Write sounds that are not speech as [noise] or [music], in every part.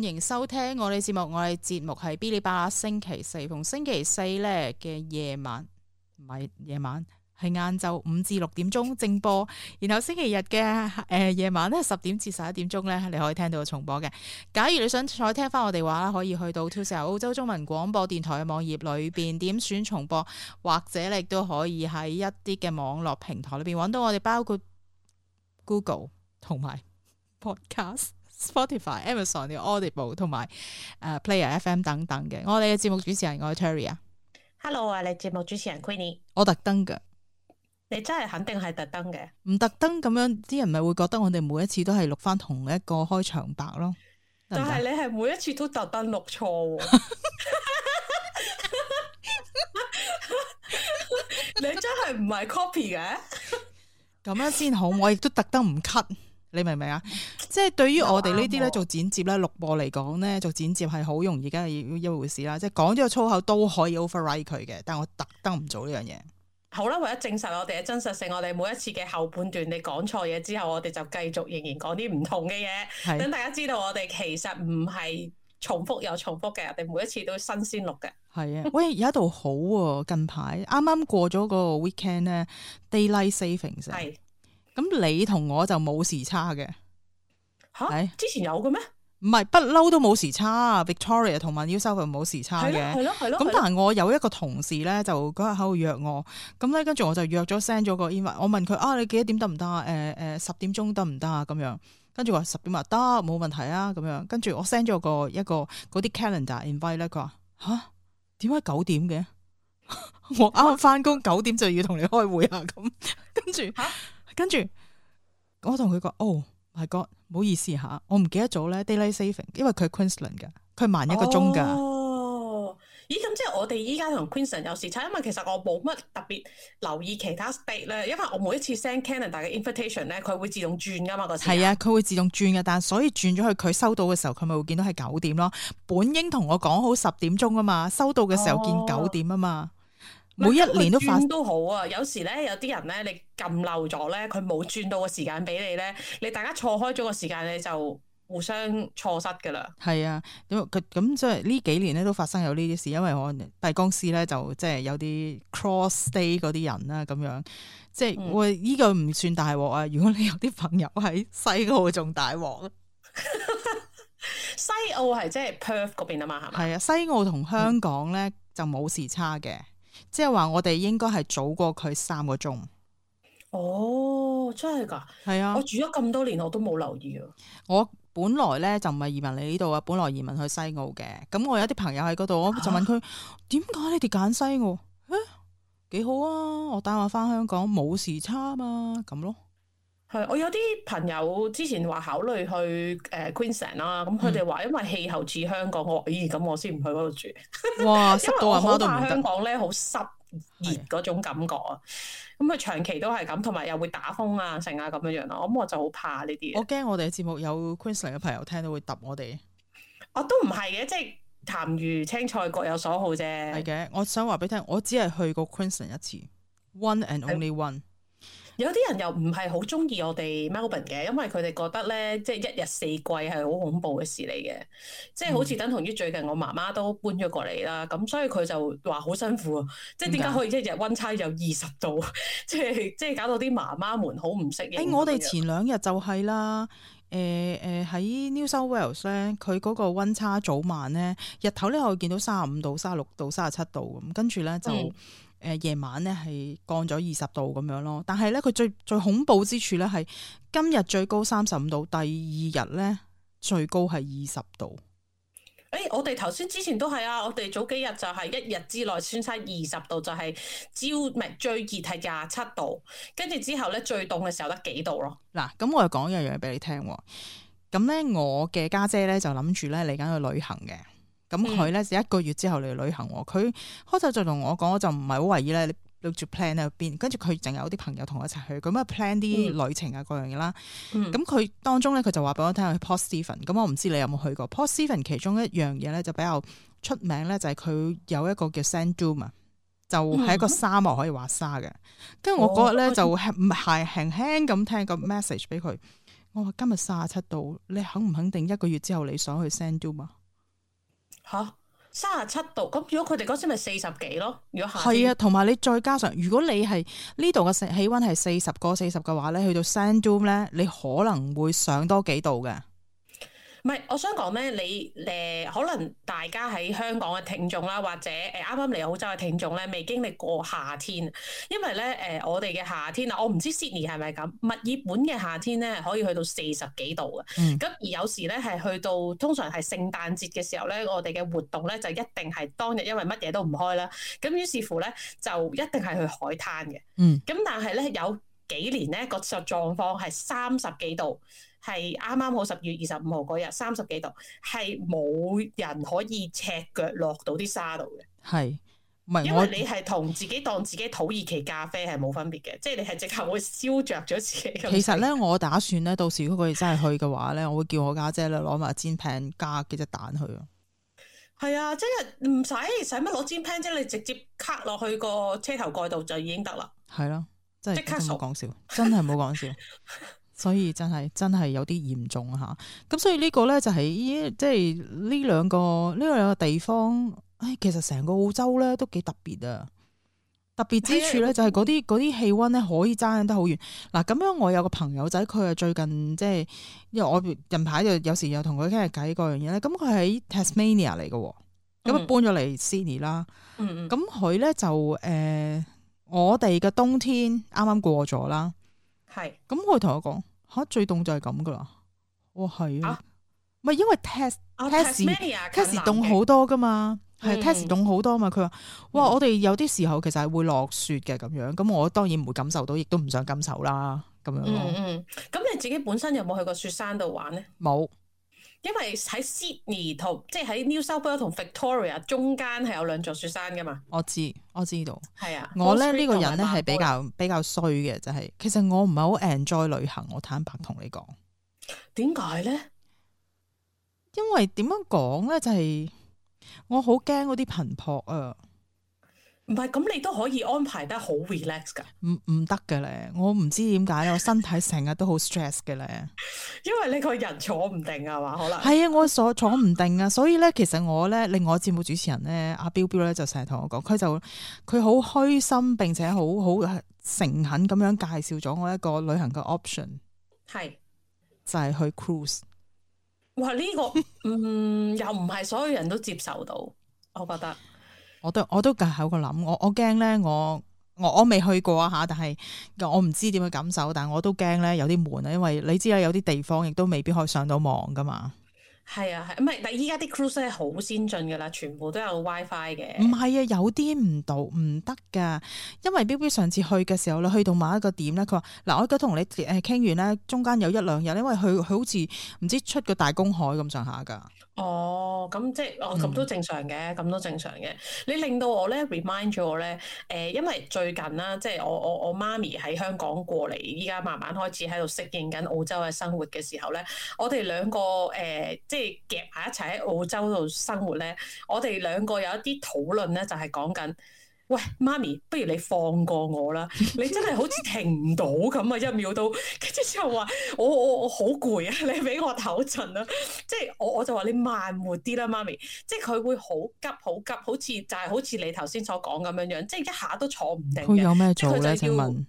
歡迎收聽我哋節目，我哋節目係 Bilibala 星期四，逢星期四咧嘅夜晚唔係夜晚，係晏晝五至六點鐘正播，然後星期日嘅誒夜晚咧十點至十一點鐘咧，你可以聽到重播嘅。假如你想再聽翻我哋話啦，可以去到 Two s o l r 澳洲中文廣播電台嘅網頁裏邊點選重播，或者你都可以喺一啲嘅網絡平台裏邊揾到我哋，包括 Google 同埋 Podcast。Spotify、Amazon、啲 Audible 同埋、uh, 誒 Player FM 等等嘅，我哋嘅節目主持人我係 Terry 啊，Hello 啊，你節目主持人 Queenie，我特登嘅，你真係肯定係特登嘅，唔特登咁樣，啲人咪會覺得我哋每一次都係錄翻同一個開場白咯，行行但係你係每一次都特登錄錯， [laughs] [laughs] [laughs] 你真係唔係 copy 嘅，咁 [laughs] 樣先好，我亦都特登唔 cut。你明唔明啊？即係對於我哋呢啲咧做剪接咧錄播嚟講咧做剪接係好容易梗係一回事啦。即係講咗個粗口都可以 override 佢嘅，但我特登唔做呢樣嘢。好啦，為咗證實我哋嘅真實性，我哋每一次嘅後半段你講錯嘢之後，我哋就繼續仍然講啲唔同嘅嘢，等是大家知道我哋其實唔係重複又重複嘅，我哋每一次都新鮮錄嘅。係啊，喂，而家度好喎、啊，近排啱啱過咗個 weekend 咧，daylight savings 係是。咁你同我就冇時差嘅，吓哈？欸、之前有嘅咩？唔係，不嬲都冇時差。Victoria 同埋 u s o a n 冇時差嘅，係咯，係咯。咁但係我有一個同事咧，就嗰日喺度約我，咁咧跟住我就約咗 send 咗個 email。我問佢啊，你幾多點得唔得？誒、呃、誒、呃，十點鐘得唔得啊？咁樣跟住話十點啊，得，冇問題啊，咁樣。跟住我 send 咗個一個嗰啲 calendar invite 咧，佢話吓，點解九點嘅？ [laughs] 我啱啱翻工九點就要同你開會啊？咁跟住。 [laughs] 後 [laughs] 跟住，我同佢講：哦 My God，唔好意思嚇，我唔記得咗咧。Daylight saving，因為佢係 Queensland 嘅，佢慢一個鐘㗎、哦。咦？咁、嗯、即係我哋依家同 Queensland 有時差，因為其實我冇乜特別留意其他 state 咧，因為我每一次 send Canada 嘅 invitation 咧，佢會自動轉㗎嘛。嗰時係啊，佢會自動轉㗎，但係所以轉咗去佢收到嘅時候，佢咪會見到係九點咯。本應同我講好十點鐘啊嘛，收到嘅時候見九點啊嘛。哦。每一年都發生都好啊！有時咧，有啲人咧，你撳漏咗咧，佢冇轉到個時間俾你咧，你大家錯開咗個時間，你就互相錯失噶啦。係啊、嗯，咁佢咁即係呢幾年咧都發生有呢啲事，因為我大公司咧就即係有啲 cross stay 嗰啲人啦，咁樣即係我依個唔算大鑊啊！如果你有啲朋友喺西澳仲大鑊，西澳係即係 Perth 嗰邊啊嘛，係嘛？係啊，西澳同香港咧就冇時差嘅。即係話我哋應該係早過佢三個鐘。哦，真係噶，係啊，我住咗咁多年我都冇留意啊。我本來咧就唔係移民嚟呢度啊，本來移民去西澳嘅。咁我有啲朋友喺嗰度，我就問佢：點解、啊、你哋揀西澳？吓、欸，幾好啊！我帶我翻香港冇時差嘛，咁咯。係，我有啲朋友之前話考慮去誒 Queensland 啦，咁佢哋話因為氣候似香港，我話咦，咁我先唔去嗰度住。哇！到媽媽 [laughs] 因為我好怕香港咧，好濕熱嗰種感覺啊，咁佢的、嗯、長期都係咁，同埋又會打風啊，成啊咁樣樣咯，我咁我就好怕呢啲。我驚我哋嘅節目有 Queensland 嘅朋友聽到會揼我哋。啊，都唔係嘅，即係談魚青菜各有所好啫。係嘅，我想話俾你聽，我只係去過 Queensland 一次，one and only one、嗯。有啲人又唔係好中意我哋 Melbourne 嘅，因為佢哋覺得咧，即係一日四季係好恐怖嘅事嚟嘅，即係好似等同於最近我媽媽都搬咗過嚟啦，咁、嗯、所以佢就話好辛苦啊！即係點解可以一日溫差有二十度？即係即係搞到啲媽媽們好唔適應。哎、我哋前兩日就係啦，誒誒喺 New South Wales 咧，佢嗰個溫差早晚咧，日頭咧可以見到三十五度、三十六度、三十七度咁，跟住咧就、嗯。誒，夜、呃、晚咧係降咗二十度咁樣咯，但係咧佢最最恐怖之處咧係今日最高三十五度，第二日咧最高係二十度。誒、欸，我哋頭先之前都係啊，我哋早幾日就係一日之內相差二十度，就係朝唔係最熱係廿七度，跟住之後咧最凍嘅時候得幾度咯？嗱，咁我講一樣嘢俾你聽，咁咧我嘅家姐咧就諗住咧嚟緊去旅行嘅。咁佢咧就一個月之後嚟旅行喎，佢開頭就同我講，我就唔係好懷疑咧，你住 plan 喺邊？跟住佢仲有啲朋友同我一齊去，咁啊 plan 啲旅程啊各樣嘢啦。咁佢、嗯、當中咧，佢就話俾我聽去 Port Stephens。咁我唔知你有冇去過。Port Stephens 其中一樣嘢咧就比較出名咧，就係、是、佢有一個叫 Sand Dune 啊，就係一個沙漠可以滑沙嘅。跟住、嗯、我嗰日咧就係輕輕咁聽個 message 俾佢，我話今日卅七度，你肯唔肯定一個月之後你想去 Sand Dune 啊？吓，三十七度，咁如果佢哋嗰時咪四十幾咯？如果係，係啊，同埋你再加上，如果你係呢度嘅氣氣溫係四十個四十嘅話咧，去到山中咧，你可能會上多幾度嘅。唔係，我想講咧，你誒、呃、可能大家喺香港嘅聽眾啦，或者誒啱啱嚟澳洲嘅聽眾咧，未經歷過夏天，因為咧誒、呃、我哋嘅夏天啊，我唔知 Sydney 係咪咁，墨爾本嘅夏天咧可以去到四十幾度嘅，咁、嗯、而有時咧係去到通常係聖誕節嘅時候咧，我哋嘅活動咧就一定係當日，因為乜嘢都唔開啦，咁於是乎咧就一定係去海灘嘅，咁、嗯、但係咧有幾年咧個實狀況係三十幾度。係啱啱好十二月二十五號嗰日三十幾度，係冇人可以赤腳落到啲沙度嘅。係唔係？因為你係同自己當自己土耳其咖啡係冇分別嘅，即係你係即刻會燒着咗自己。其實咧，我打算咧，到時如果佢真係去嘅話咧， [laughs] 我會叫我家姐咧攞埋煎 pan 加幾隻蛋去。係啊，即係唔使使乜攞煎 pan 即係你直接 cut 落去個車頭蓋度就已經得啦。係咯、啊，即刻傻，唔好講笑，真係唔好講笑。 [laughs] 所以真係真係有啲嚴重嚇，咁所以個呢個咧就係依即係呢兩個呢兩個地方，唉其實成個澳洲咧都幾特別啊！特別之處咧就係嗰啲嗰啲氣温咧可以爭得好遠。嗱、啊、咁樣我有個朋友仔，佢啊最近即係因為我近排就有時又同佢傾下偈嗰樣嘢咧，咁佢喺 Tasmania 嚟嘅，咁啊搬咗嚟 Sydney 啦。咁佢咧就誒、呃，我哋嘅冬天啱啱過咗啦，係是，咁佢同我講。嚇最凍就係咁噶啦！哇係啊，唔係因為 test test test 凍好多噶嘛，係 test 凍好多嘛。佢話、嗯：哇，我哋有啲時候其實係會落雪嘅咁樣，咁我當然唔會感受到，亦都唔想感受啦咁樣咯。嗯咁、嗯、你自己本身有冇去過雪山度玩咧？冇。因為喺 Sydney 同即係喺 New South Wales 同 Victoria 中間係有兩座雪山噶嘛，我，我知我知道係啊。我咧呢 Wall Street 個人咧係比較比較衰嘅，就係、是、其實我唔係好 enjoy 旅行，我坦白同你講。點解咧？因為點樣講咧？就係、是、我好驚嗰啲頻撲啊！唔係咁，你都可以安排得好 relax 噶。唔唔得嘅咧，我唔知點解，我身體成日都好 stress 嘅咧。 [laughs] 因為你個人坐唔定啊嘛，可能係啊，我坐坐唔定啊，所以咧，其實我咧，令我節目主持人咧，阿彪彪咧，就成日同我講，佢就佢好虛心，並且好好誠懇咁樣介紹咗我一個旅行嘅 option，係是就係去 cruise。哇，呢、這個嗯 [laughs] 又唔係所有人都接受到，我覺得。我都我都架喺個諗，我我驚咧，我我我，我未去過啊吓，但係我唔知點樣感受，但係我都驚咧有啲悶啊，因為你知啊，有啲地方亦都未必可以上到網噶嘛。係啊，唔係，但係依家啲 cruise 咧好先進噶啦，全部都有 wifi 嘅。唔係啊，有啲唔到唔得噶，因為 B B 上次去嘅時候，你去到某一個點咧，佢話嗱，我而家同你誒傾完咧，中間有一兩日，因為佢佢好似唔知出個大公海咁上下噶。哦，咁即係，哦咁都正常嘅，咁、嗯、都正常嘅。你令到我咧 remind 咗我咧，誒，因為最近啦，即係我我我媽咪喺香港過嚟，依家慢慢開始喺度適應緊澳洲嘅生活嘅時候咧，我哋兩個誒、呃，即係夾埋一齊喺澳洲度生活咧，我哋兩個有一啲討論咧，就係講緊。喂，媽咪，不如你放過我啦， [laughs] 你真係好似停唔到咁啊！一秒到。跟住之後話我我我好攰啊，你俾我唞陣啦，即 [laughs] 係、就是、我我就話你慢活啲啦，媽咪，即係佢會好急好急，好似就係、是、好似你頭先所講咁樣樣，即、就、係、是、一下都坐唔定。佢有咩做咧？就係要。請問？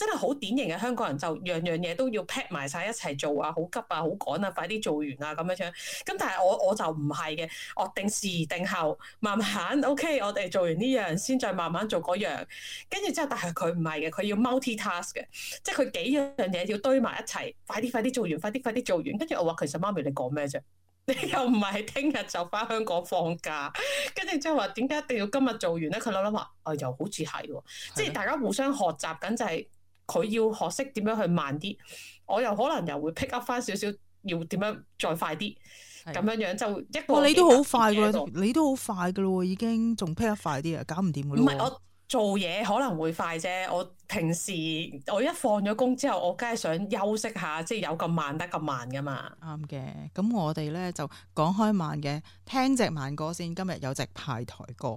真係好典型嘅香港人，就樣樣嘢都要 pack 埋晒一齊做啊！好急啊，好趕啊，快啲做完啊咁樣樣。咁但係我我就唔係嘅，我、啊、定時定候，慢慢 OK。我哋做完呢樣先，再慢慢做嗰樣。跟住之後，但係佢唔係嘅，佢要 multi task 嘅，即係佢幾樣嘢要堆埋一齊，快啲快啲做完，快啲快啲做完。跟住我話其實媽咪你講咩啫？你 [laughs] 又唔係聽日就翻香港放假？跟住之後話點解一定要今日做完咧？佢諗諗話，啊、哎、又好似係喎，嗎即係大家互相學習緊就係、是。佢要學識點樣去慢啲，我又可能又會 pick up 翻，少少，要點樣再快啲，咁樣的樣就一個你都好快噶啦，你都好快噶啦，已經仲 pick up 快啲啊，搞唔掂噶。唔係我做嘢可能會快啫，我平時我一放咗工之後，我梗係想休息下，即係有咁慢得咁慢噶嘛。啱嘅，咁我哋咧就講開慢嘅，聽隻慢歌先。今日有隻派台歌。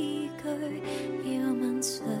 要問誰？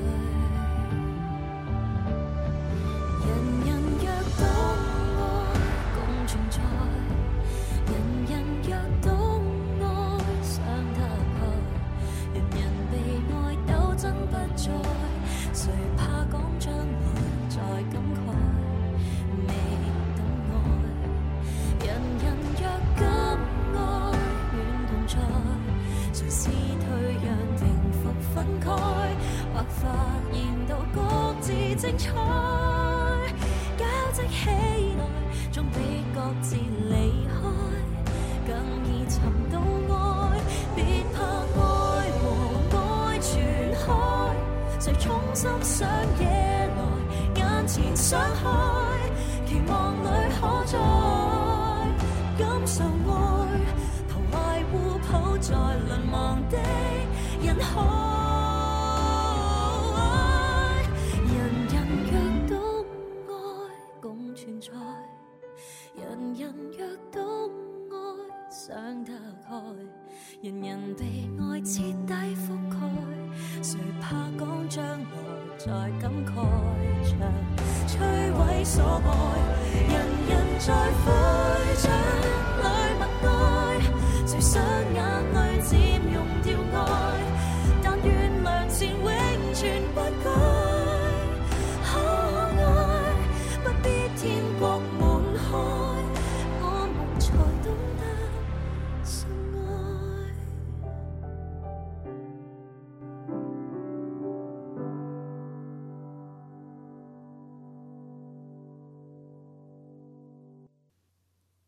人人被愛徹底覆蓋，誰怕講將來再感慨？長摧毀所愛，人人在灰燼裏默哀。誰雙眼。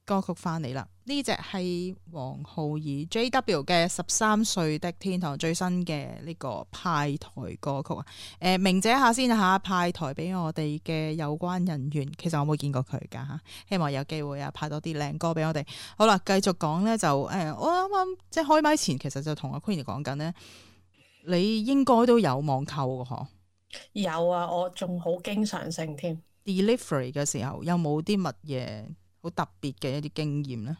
歌曲翻嚟啦，呢隻係王灝兒 JW 嘅十三歲的天堂最新嘅呢個派台歌曲啊！誒、呃，鳴謝下先啊，派台俾我哋嘅有關人員，其實我冇見過佢噶吓，希望有機會啊，派多啲靚歌俾我哋。好啦，繼續講咧就誒、呃，我啱啱即係開麥前，其實就同阿 Queenie 講緊咧，你應該都有網購噶吓，有啊，我仲好經常性添 delivery 嘅時候有冇啲乜嘢？好特別嘅一啲經驗咧，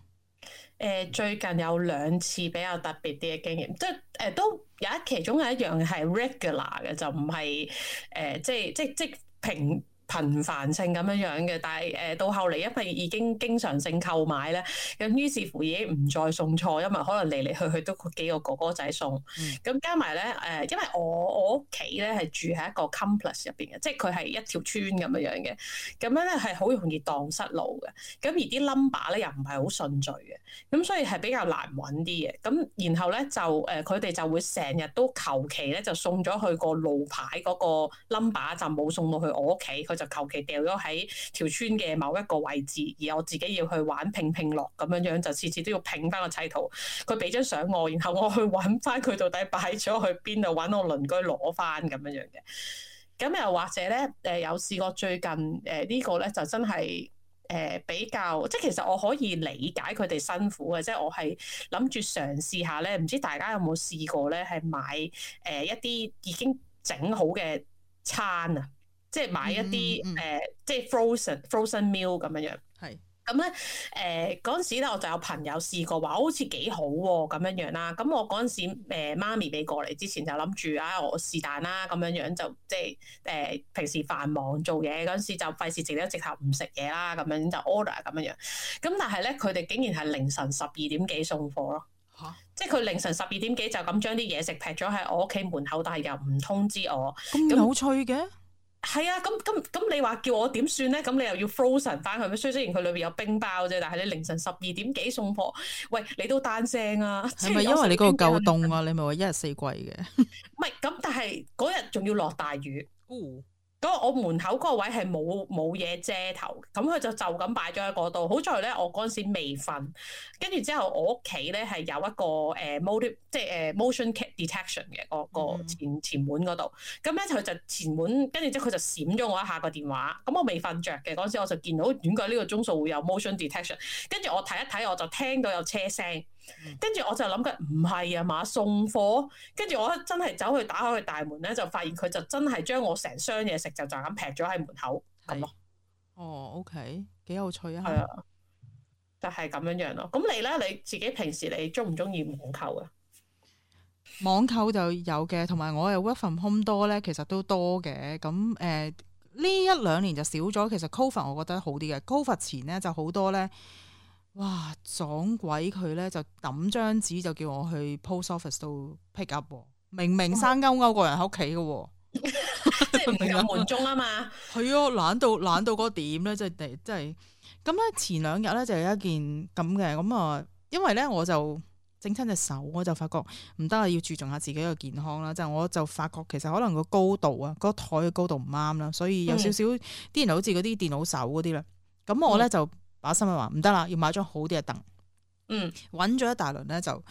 誒最近有兩次比較特別啲嘅經驗，即係誒都有一其中有一樣係 regular 嘅，就唔係誒即係即即平。平頻繁性咁樣樣嘅，但係誒、呃、到後嚟，因為已經經常性購買咧，咁於是乎已經唔再送錯，因為可能嚟嚟去去都幾個哥哥仔送，咁、嗯、加埋咧誒，因為我我屋企咧係住喺一個 complex 入邊嘅，即係佢係一條村咁樣樣嘅，咁樣咧係好容易蕩失路嘅，咁而啲 number 咧又唔係好順序嘅，咁所以係比較難揾啲嘅，咁然後咧就誒佢哋就會成日都求其咧就送咗去個路牌嗰個 number 就冇送到去我屋企，佢就。求其掉咗喺條村嘅某一個位置，而我自己要去玩拼拼樂咁樣樣，就次次都要拼翻個砌圖。佢俾張相我，然後我去揾翻佢到底擺咗去邊度，揾我鄰居攞翻咁樣樣嘅。咁又或者咧，誒、呃、有試過最近誒呢、呃這個咧就真係誒、呃、比較，即係其實我可以理解佢哋辛苦嘅，即係我係諗住嘗試下咧，唔知大家有冇試過咧，係買誒、呃、一啲已經整好嘅餐啊？即係買一啲誒、嗯嗯呃，即係 frozen frozen meal 咁樣樣。係咁咧，誒嗰陣時咧我就有朋友試過話，好似幾好喎咁樣樣啦。咁我嗰陣時誒、呃、媽咪未過嚟之前就諗住啊，我是但啦咁樣樣就即係誒平時繁忙做嘢嗰陣時就費事直一直頭唔食嘢啦，咁樣就 order 咁樣樣。咁但係咧，佢哋竟然係凌晨十二點幾送貨咯，啊、即係佢凌晨十二點幾就咁將啲嘢食擗咗喺我屋企門口，但係又唔通知我。咁好趣嘅～係啊，咁咁咁你話叫我點算咧？咁你又要 frozen 翻去，雖然雖然佢裏邊有冰包啫，但係你凌晨十二點幾送貨，喂，你都單聲啊？係咪因為你嗰個夠凍啊？ [laughs] 你咪話一日四季嘅？唔 [laughs] 係，咁但係嗰日仲要落大雨。哦嗰個我門口嗰個位係冇冇嘢遮頭，咁佢就就咁擺咗喺嗰度。好在咧，我嗰陣時未瞓，跟住之後我屋企咧係有一個誒 motion 即係、呃、誒 motion detection 嘅嗰個前前門嗰度。咁咧佢就前門，跟住之後佢就閃咗我一下個電話。咁我未瞓着嘅嗰陣時，我就見到，點解呢個鐘數會有 motion detection？跟住我睇一睇，我就聽到有車聲。跟住、嗯、我就諗緊唔係啊嘛送貨，跟住我真係走去打開佢大門咧，就發現佢就真係將我成箱嘢食就就咁劈咗喺門口咁咯。是的哦，OK，幾有趣啊係啊，就係、是、咁樣樣咯。咁你咧你自己平時你中唔中意網購啊？網購就有嘅，同埋我嘅 work from home 多咧，其實都多嘅。咁誒呢一兩年就少咗，其實 COVID 我覺得好啲嘅。COVID 前咧就好多咧。 [laughs] 哇！撞鬼佢咧就抌張紙就叫我去 post office 度 pick up，明明生勾勾個人喺屋企噶，有門鐘啊嘛！係啊、 [laughs] 嗯，懶到懶到嗰點咧，即係即係。咁、就、咧、是、前兩日咧就有一件咁嘅咁啊，因為咧我就整親隻手，我就發覺唔得啊，要注重下自己嘅健康啦。就是、我就發覺其實可能個高度啊，個台嘅高度唔啱啦，所以有少少啲人好似嗰啲電腦手嗰啲啦。咁、嗯、我咧就。把心啊話唔得啦，要買張好啲嘅凳。嗯，搵咗一大輪咧，就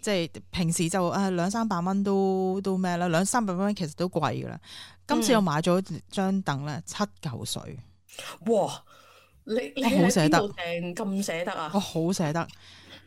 即係、就是、平時就誒兩三百蚊都都咩啦，兩三百蚊其實都貴噶啦。今次我買咗張凳咧，七嚿水、嗯。哇！你你喺邊度訂,咁捨得啊？我好捨得。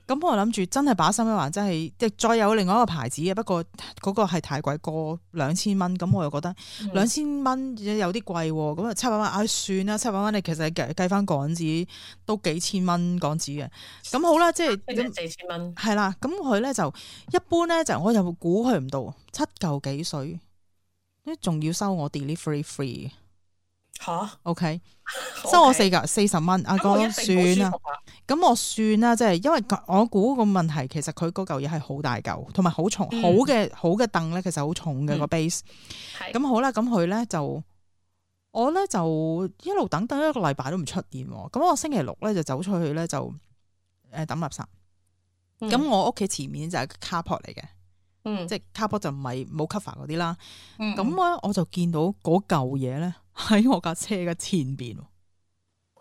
咁我諗住真係把心一橫，真，真係即再有另外一個牌子嘅，不過嗰個係太貴，過兩千蚊。咁我又覺得兩千蚊有啲貴，咁啊七百蚊，唉、嗯、算啦，七百蚊你其實計計翻，港紙都幾千蚊港紙嘅。咁好、嗯、啦，即係咁四千蚊。係啦，咁佢咧就一般咧就我又估佢唔到七舊幾水，仲要收我 delivery free 哈。吓 O K。收我四嚿四十蚊，阿哥算啦了，咁、啊、我算啦，即係因為我估個問題，其實佢嗰嚿嘢係好大嚿，同埋好重，嗯、好嘅好嘅凳咧，其實重、嗯、好重嘅個 base，咁好啦，咁佢咧就我咧就一路等等一個禮拜都唔出現，咁我星期六咧就走出去咧就誒抌、呃、垃圾，咁、嗯、我屋企前面就係個 carport 嚟嘅。嗯，即係 carport 就唔係冇 cover 嗰啲啦。咁咧、嗯蛤，我就見到嗰舊嘢咧喺我架車嘅前邊。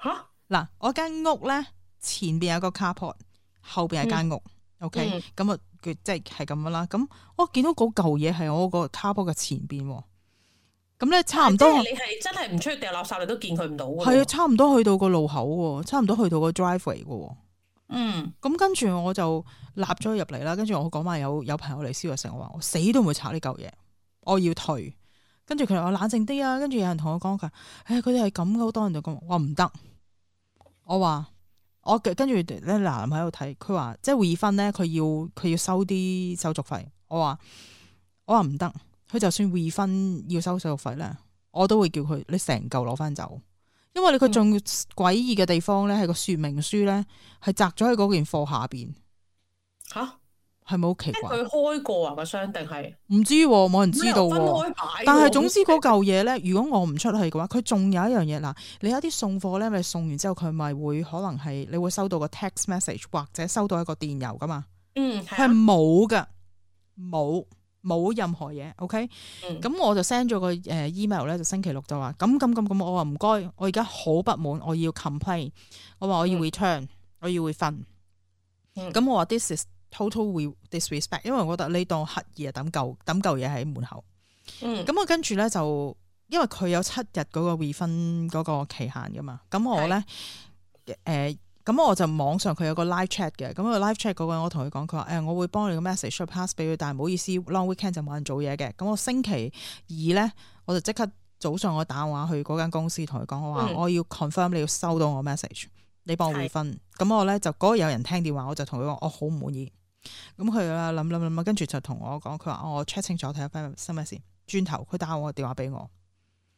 吓，嗱，我間屋咧前邊有個 carport 後邊係間屋。嗯、OK，咁啊、嗯，即係係咁樣啦。咁、就是、我見到嗰舊嘢係我個 carport 嘅前邊。咁咧，差唔多。你係真係唔出去掉垃圾，你都見佢唔到。係啊、嗯，差唔多去到個路口，差唔多去到個 driveway 嘅。.嗯，咁、嗯、跟住我就立咗入嚟啦。跟住我講話有有朋友嚟消嘅時候，我話我死都唔會拆呢嚿嘢，我要退。跟住佢話我冷靜啲啊。跟住有人同我講佢，唉、哎，佢哋係咁嘅，好多人就咁話唔得。我話我，我跟住咧，嗱，我喺度睇，佢話即係 refund 咧，佢要佢要收啲手續費。我話我話唔得，佢就算 refund 要收手續費咧，我都會叫佢你成嚿攞翻走。因為你佢仲詭異嘅地方咧，係個、嗯、說明書咧，係摘咗喺嗰件貨下邊。吓？係咪好奇怪？佢開過啊，個箱定係？唔知，冇人知道。分、啊、但係總之嗰嚿嘢咧，如果我唔出去嘅話，佢仲有一樣嘢。嗱，你有啲送貨咧，咪送完之後佢咪會可能係你會收到個 text message 或者收到一個電郵噶嘛？嗯，係冇噶，冇。冇任何嘢，OK，咁、嗯、我就 send 咗個誒 email 咧，就星期六就話咁咁咁咁，我話唔該，我而家好不滿，我要 complain，我話我要 return，嗯、我要 refund，咁、嗯、我話 this is total disrespect，因為我覺得呢你當刻意嘢抌嚿抌嚿嘢喺門口。咁、嗯、我跟住咧就因為佢有七日嗰個 refund 嗰個期限噶嘛，咁我咧誒。嗯嗯。咁我就網上佢有個 live chat 嘅，咁個 live chat 嗰個人我同佢講，佢話：誒、哎，我會幫你個 message pass 俾佢，但係唔好意思，long weekend 就冇人做嘢嘅。咁我星期二咧，我就即刻早上我打電話去嗰間公司同佢講，嗯、我話我要 confirm 你要收到我 message，你幫我回分。咁是我咧就嗰有人聽電話，我就同佢講，我好唔滿意。咁佢啦諗諗諗，跟住就同我講，佢話我 check 清楚睇下發生咩事，轉頭佢打我電話俾我。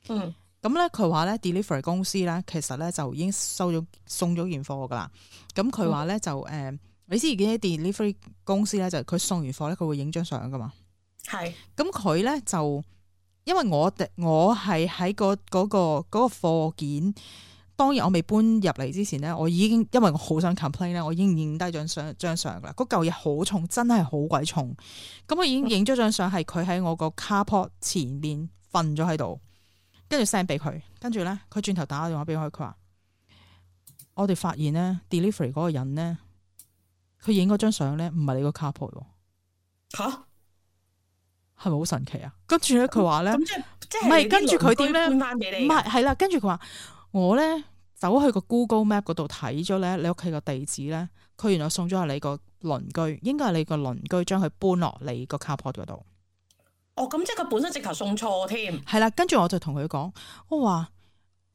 嗯。咁咧，佢話咧，delivery 公司咧，其實咧就已經收咗送咗件貨噶啦。咁佢話咧就誒，你知而家 delivery 公司咧，就佢送完貨咧，佢會影張相噶嘛。係是。咁佢咧就因為我哋，我係喺、嗰個嗰、嗰個嗰個貨件，當然我未搬入嚟之前咧，我已經因為我好想 complain 咧，我已經影低張相張相噶啦。嗰嚿嘢好重，真係好鬼重。咁我已經影咗張相，係佢喺我個 carport 前面瞓咗喺度。跟住 send 俾佢，跟住咧，佢轉頭打個電話俾佢。佢話：我哋發現咧 delivery 嗰個人咧，佢影嗰張相咧，唔係你個 carport 喎。吓，係咪好神奇啊？跟住咧，佢話咧，唔係跟住佢點咧，唔係係啦。跟住佢話我咧走去個 Google Map 嗰度睇咗咧，你屋企個地址咧，佢原來送咗係你個鄰居，應該係你個鄰居將佢搬落你個 carport 嗰度。哦，咁即係佢本身直頭送錯添。係啦，跟住我就同佢講，我話，誒、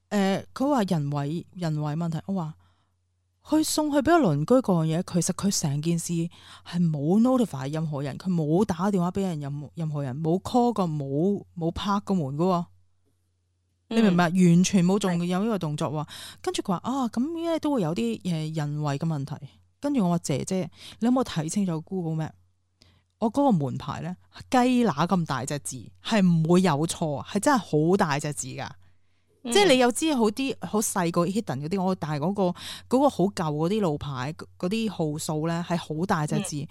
呃，佢話人為人為問題，我話，佢送去俾個鄰居嗰樣嘢，其實佢成件事係冇 notify 任何人，佢冇打電話俾人任任何人，冇 call 過，冇冇拍個門噶、哦，你明唔明、嗯、完全冇仲有呢個動作、哦。跟住佢話啊，咁應該都會有啲誒人為嘅問題。跟住我話姐姐，你有冇睇清楚 Google Map？我嗰個門牌咧，雞乸咁大隻字，係唔會有錯，係真係好大隻字㗎。嗯、即係你又知好啲好細個 hidden 嗰啲，我但係嗰個嗰、嗰個好舊嗰啲路牌嗰啲號數咧係好大隻字。嗯、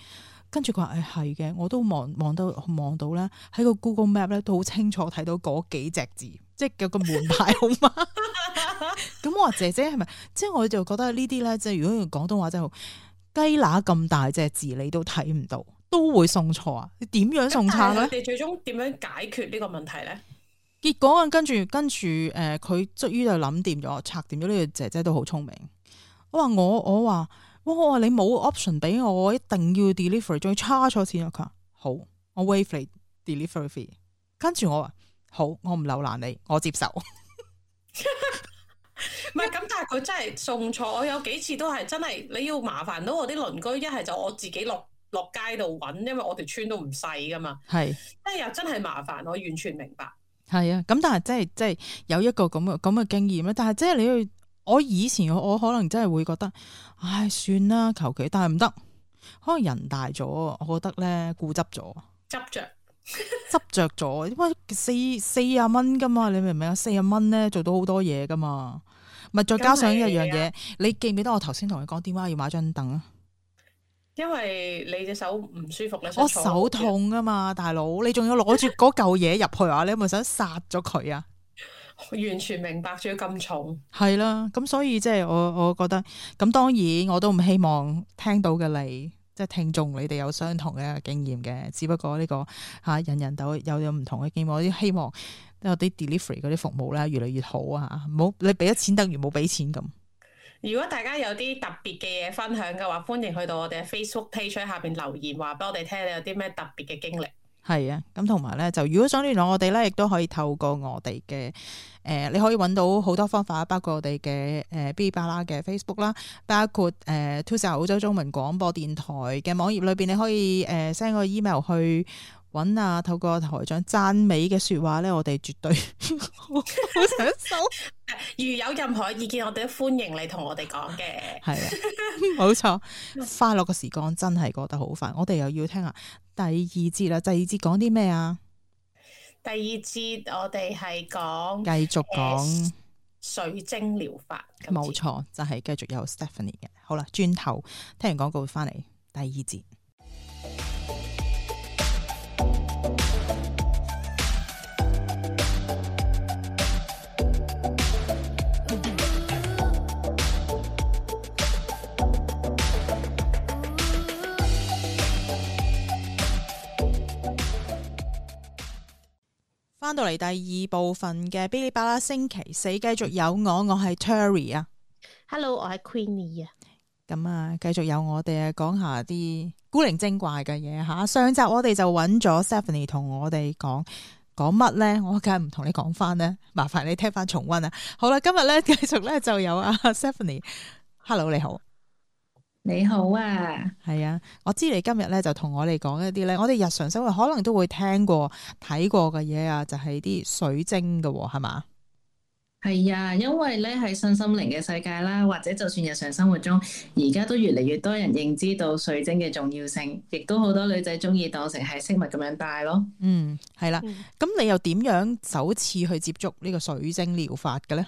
跟住佢話：誒係嘅，我都望望到望到咧，喺個 Google Map 咧都好清楚睇到嗰幾隻字，即係有個門牌號碼？咁 [laughs] [laughs] 我話姐姐係咪？即係我就覺得呢啲咧，即係如果用廣東話真係好雞乸咁大隻字，你都睇唔到。都會送錯啊！你點樣送錯咧？你最終點樣解決呢個問題咧？結果啊，跟住跟住，誒、呃，佢終於就諗掂咗，拆掂咗呢個姐姐都好聰明。我話我我話，我話你冇 option 俾我，我一定要 delivery，仲要差咗錢啊！佢話好，我 waive delivery，跟住我話好，我唔留難你，我接受。唔係咁， [laughs] 但係佢真係送錯。我有幾次都係真係，你要麻煩到我啲鄰居，一係就我自己落。落街度揾，因為我條村都唔細噶嘛，係的，即係又真係麻煩，我完全明白。係啊，咁但係即係即係有一個咁嘅咁嘅經驗啦。但係即係你，我以前我可能真係會覺得，唉，算啦，求其，但係唔得，可能人大咗，我覺得咧固執咗，執着著， [laughs] 執着咗，因為四四啊蚊噶嘛，你明唔明啊？四啊蚊咧做到好多嘢噶嘛，咪再加上一樣嘢，你，你記唔記得我頭先同你講點解要買張凳啊？因為你隻手唔舒服咧，我、哦、手痛啊嘛，大佬，你仲要攞住嗰嚿嘢入去啊？ [laughs] 你有冇想殺咗佢啊？完全明白咗，咁重，係啦，咁所以即係我我覺得，咁當然我都唔希望聽到嘅你，即係聽眾你哋有相同嘅經驗嘅，只不過呢、這個吓、啊、人人都有有唔同嘅經驗。我都希望有啲 delivery 嗰啲服務咧，越嚟越好啊！冇你俾咗錢等於冇俾錢咁。如果大家有啲特別嘅嘢分享嘅話，歡迎去到我哋嘅 Facebook page 下邊留言，話俾我哋聽你有啲咩特別嘅經歷。係啊，咁同埋咧，就如果想聯絡我哋咧，亦都可以透過我哋嘅誒，你可以揾到好多方法，包括我哋嘅誒 Bilibala 嘅 Facebook 啦，包括誒 TUSA 澳洲中文廣播電台嘅網頁裏邊，你可以誒 send、呃、個 email 去。搵啊，透過台長讚美嘅說話咧，我哋絕對好 [laughs] 享受說。 [laughs] 如有任何意見，我哋都歡迎你同我哋講嘅。係 [laughs] 啊，冇錯。快樂嘅時光真係過得好快，我哋又要聽下第二節啦。第二節講啲咩啊？第二節我哋係講繼續講、欸、水晶療法。冇錯，就係、是、繼續有 Stephanie 嘅。好啦，轉頭聽完廣告翻嚟第二節。翻到嚟第二部分嘅 Bilibala，星期四繼續有我，我係 Terry 啊。Hello，我係 Queenie 啊。咁啊，繼續有我哋啊，講下啲古靈精怪嘅嘢吓。上集我哋就揾咗 Stephanie 同我哋講，講乜咧？我梗係唔同你講翻咧，麻煩你聽翻重溫啊。好啦，今日咧繼續咧就有啊 Stephanie，Hello，你好，你好啊，係啊，我知你今日咧就同我哋講一啲咧，我哋日常生活可能都會聽過睇過嘅嘢啊，就係、是、啲水晶㗎喎。哦，係嘛？係啊，因為咧喺身心靈嘅世界啦，或者就算日常生活中，而家都越嚟越多人認知到水晶嘅重要性，亦都好多女仔中意當成係飾物咁樣戴咯。嗯，係啦，咁、嗯、你又點樣首次去接觸呢個水晶療法嘅咧？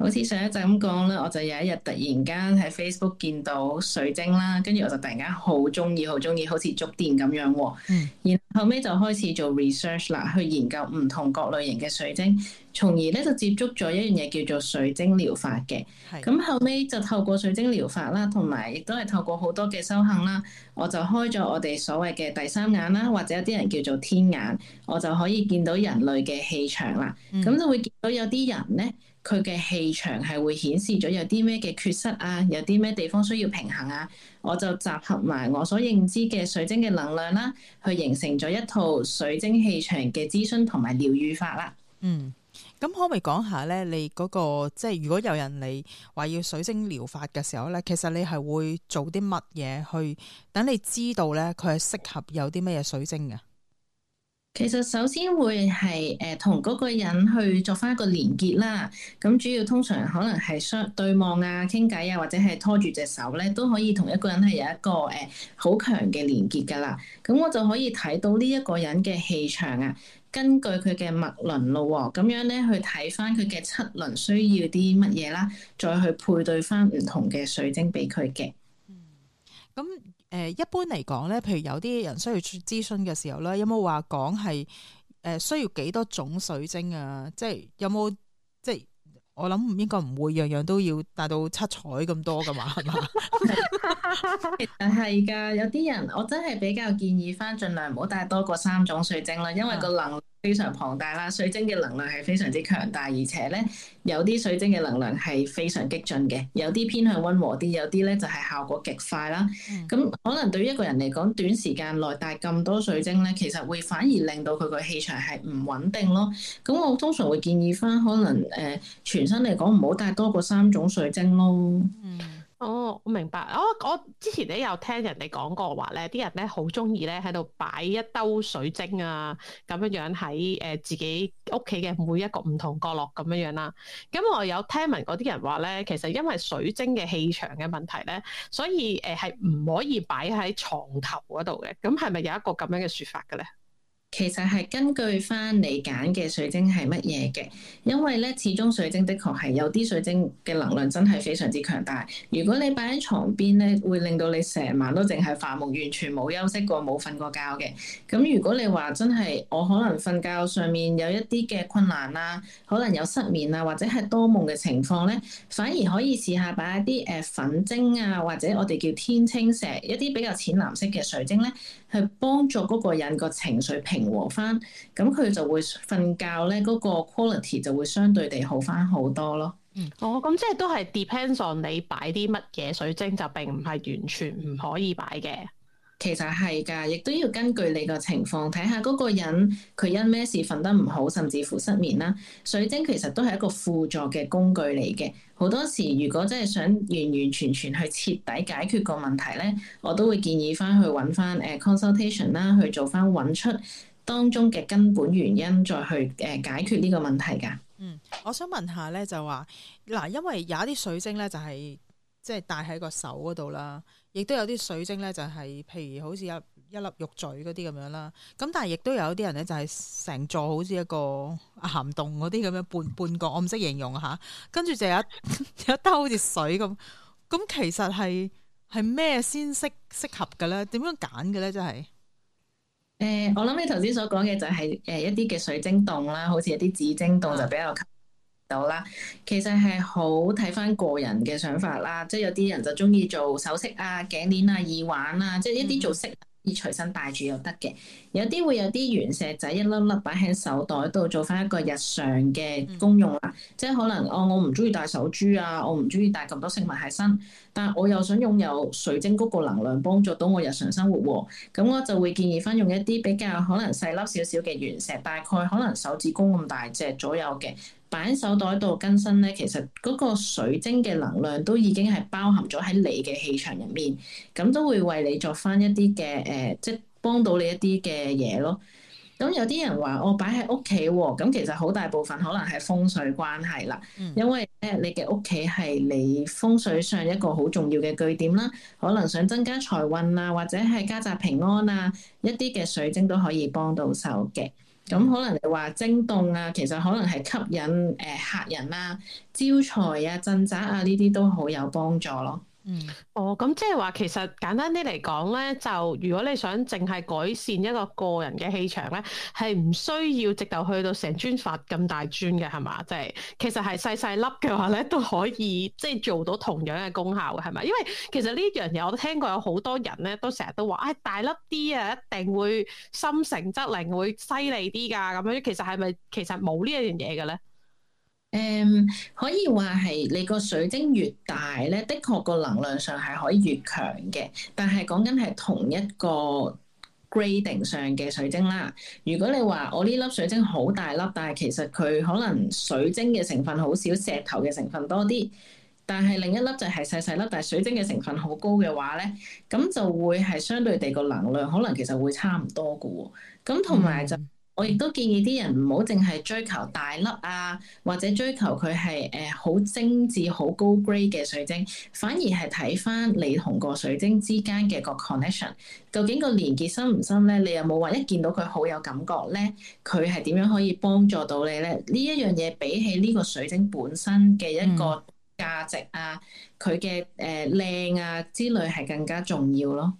好似上一集咁講啦，我就有一日突然間喺 Facebook 見到水晶啦，跟住我就突然間好中意，好中意，好似觸電咁樣喎。嗯、然後尾就開始做 research 啦，去研究唔同各類型嘅水晶，從而咧就接觸咗一樣嘢叫做水晶療法嘅。咁是後尾就透過水晶療法啦，同埋亦都係透過好多嘅修行啦，我就開咗我哋所謂嘅第三眼啦，或者有啲人叫做天眼，我就可以見到人類嘅氣場啦。咁、嗯、就會見到有啲人咧。佢嘅氣場係會顯示咗有啲咩嘅缺失啊，有啲咩地方需要平衡啊，我就集合埋我所認知嘅水晶嘅能量啦、啊，去形成咗一套水晶氣場嘅諮詢同埋療愈法啦、啊。嗯，咁可唔可以講下咧？你嗰、嗰個即係如果有人嚟話要水晶療法嘅時候咧，其實你係會做啲乜嘢去等你知道咧佢係適合有啲乜嘢水晶嘅？其實首先會係誒同嗰個人去作翻一個連結啦，咁主要通常可能係相對望啊、傾偈啊，或者係拖住隻手咧，都可以同一個人係有一個誒好、呃、強嘅連結噶啦。咁我就可以睇到呢一個人嘅氣場啊，根據佢嘅脈輪咯，咁樣咧去睇翻佢嘅七輪需要啲乜嘢啦，再去配對翻唔同嘅水晶俾佢嘅。嗯、咁。誒、呃，一般嚟講咧，譬如有啲人需要諮詢嘅時候咧，有冇話講係誒需要幾多種水晶啊？即係有冇即係我諗應該唔會樣樣都要帶到七彩咁多噶嘛，係嘛？其實係噶，有啲人我真係比較建議翻，盡量唔好帶多過三種水晶啦，因為個能量，嗯非常龐大啦，水晶嘅能量係非常之強大，而且咧有啲水晶嘅能量係非常激進嘅，有啲偏向溫和啲，有啲咧就係效果極快啦。咁、嗯、可能對於一個人嚟講，短時間內帶咁多水晶咧，其實會反而令到佢個氣場係唔穩定咯。咁我通常會建議翻，可能誒、呃、全身嚟講唔好帶多過三種水晶咯。嗯哦，我明白。我、哦、我之前咧有聽人哋講過話咧，啲人咧好中意咧喺度擺一兜水晶啊咁樣樣喺誒自己屋企嘅每一個唔同角落咁樣樣啦。咁、嗯、我有聽聞嗰啲人話咧，其實因為水晶嘅氣場嘅問題咧，所以誒係唔可以擺喺床頭嗰度嘅。咁係咪有一個咁樣嘅説法嘅咧？其實係根據翻你揀嘅水晶係乜嘢嘅，因為咧始終水晶的確係有啲水晶嘅能量真係非常之強大。如果你擺喺床邊咧，會令到你成晚都淨係發夢，完全冇休息過，冇瞓過覺嘅。咁、嗯、如果你話真係我可能瞓覺上面有一啲嘅困難啦，可能有失眠啊或者係多夢嘅情況咧，反而可以試下擺一啲誒粉晶啊或者我哋叫天青石一啲比較淺藍色嘅水晶咧。去幫助嗰個人個情緒平和翻，咁佢就會瞓覺咧，嗰個 quality 就會相對地好翻好多咯。嗯，哦，咁即係都係 depends on 你擺啲乜嘢水晶，就並唔係完全唔可以擺嘅。其實係㗎，亦都要根據你個情況睇下嗰個人佢因咩事瞓得唔好，甚至乎失眠啦。水晶其實都係一個輔助嘅工具嚟嘅。好多時如果真係想完完全全去徹底解決個問題咧，我都會建議返去搵返誒 consultation 啦，去做返搵出當中嘅根本原因，再去誒、uh, 解決呢個問題㗎。嗯，我想問下咧，就話嗱，因為有一啲水晶咧、就係，就係即係戴喺個手嗰度啦。亦都有啲水晶咧，就係、是、譬如好似一一粒玉嘴嗰啲咁樣啦。咁但係亦都有啲人咧，就係、是、成座好似一個岩洞嗰啲咁樣半半個，我唔識形容吓。跟住就有一一兜好似水咁。咁其實係係咩先適適合嘅咧？點樣揀嘅咧？真係。誒，我諗你頭先所講嘅就係誒一啲嘅水晶洞啦，好似一啲紫晶洞就比較。到啦，其實係好睇翻個人嘅想法啦，即係有啲人就中意做首飾啊、頸鏈啊、耳環啊，即係一啲做飾可以隨身帶住又得嘅。有啲會有啲原石仔一粒粒擺喺手袋度，做翻一個日常嘅功用啦。嗯、即係可能、哦、我我唔中意戴手珠啊，我唔中意戴咁多飾物喺身，但係我又想擁有水晶谷個能量，幫助到我日常生活、啊。咁我就會建議翻用一啲比較可能細粒少少嘅原石，大概可能手指公咁大隻左右嘅。擺手袋度更新咧，其實嗰個水晶嘅能量都已經係包含咗喺你嘅氣場入面，咁都會為你作翻一啲嘅誒，即係幫到你一啲嘅嘢咯。咁有啲人話我擺喺屋企喎，咁、哦、其實好大部分可能係風水關係啦，嗯、因為咧你嘅屋企係你風水上一個好重要嘅據點啦，可能想增加財運啊，或者係家宅平安啊，一啲嘅水晶都可以幫到手嘅。咁可能你話蒸凍啊，其實可能係吸引誒客人啦、啊、招財啊、鎮宅啊呢啲都好有幫助咯。嗯，哦，咁即係話，其實簡單啲嚟講咧，就如果你想淨係改善一個個人嘅氣場咧，係唔需要直頭去到成尊佛咁大尊嘅，係嘛？即係其實係細細粒嘅話咧，都可以即係做到同樣嘅功效嘅，係咪？因為其實呢樣嘢，我都聽過有好多人咧，都成日都話，哎，大粒啲啊，一定會心誠則靈，會犀利啲噶，咁樣，其實係咪其實冇呢樣嘢嘅咧？誒、嗯，可以話係你個水晶越大咧，的確個能量上係可以越強嘅。但係講緊係同一個 grading 上嘅水晶啦。如果你話我呢粒水晶好大粒，但係其實佢可能水晶嘅成分好少，石頭嘅成分多啲。但係另一粒就係細細粒，但係水晶嘅成分好高嘅話咧，咁就會係相對地個能量可能其實會差唔多㗎。咁同埋就，嗯我亦都建議啲人唔好淨係追求大粒啊，或者追求佢係誒好精緻、好高 grade 嘅水晶，反而係睇翻你同個水晶之間嘅個 connection，究竟個連結深唔深咧？你有冇話一見到佢好有感覺咧？佢係點樣可以幫助到你咧？呢一樣嘢比起呢個水晶本身嘅一個價值啊，佢嘅誒靚啊之類係更加重要咯。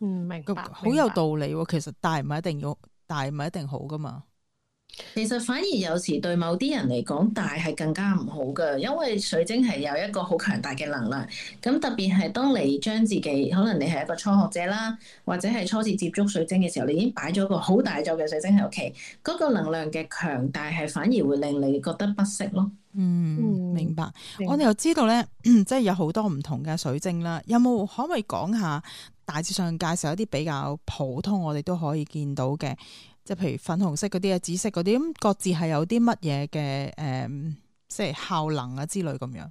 嗯，明白，好有道理喎，啊。其實大唔係一定要。大唔係一定好噶嘛？其實反而有時對某啲人嚟講，大係更加唔好噶。因為水晶係有一個好強大嘅能量，咁特別係當你將自己可能你係一個初學者啦，或者係初次接觸水晶嘅時候，你已經擺咗個好大座嘅水晶喺屋企，嗰、那個能量嘅強大係反而會令你覺得不適咯。嗯，明白。明白我哋又知道咧，即係有好多唔同嘅水晶啦。有冇可唔可以講下？大致上介紹一啲比較普通，我哋都可以見到嘅，即係譬如粉紅色嗰啲啊、紫色嗰啲咁，各自係有啲乜嘢嘅誒，即係效能啊之類咁樣。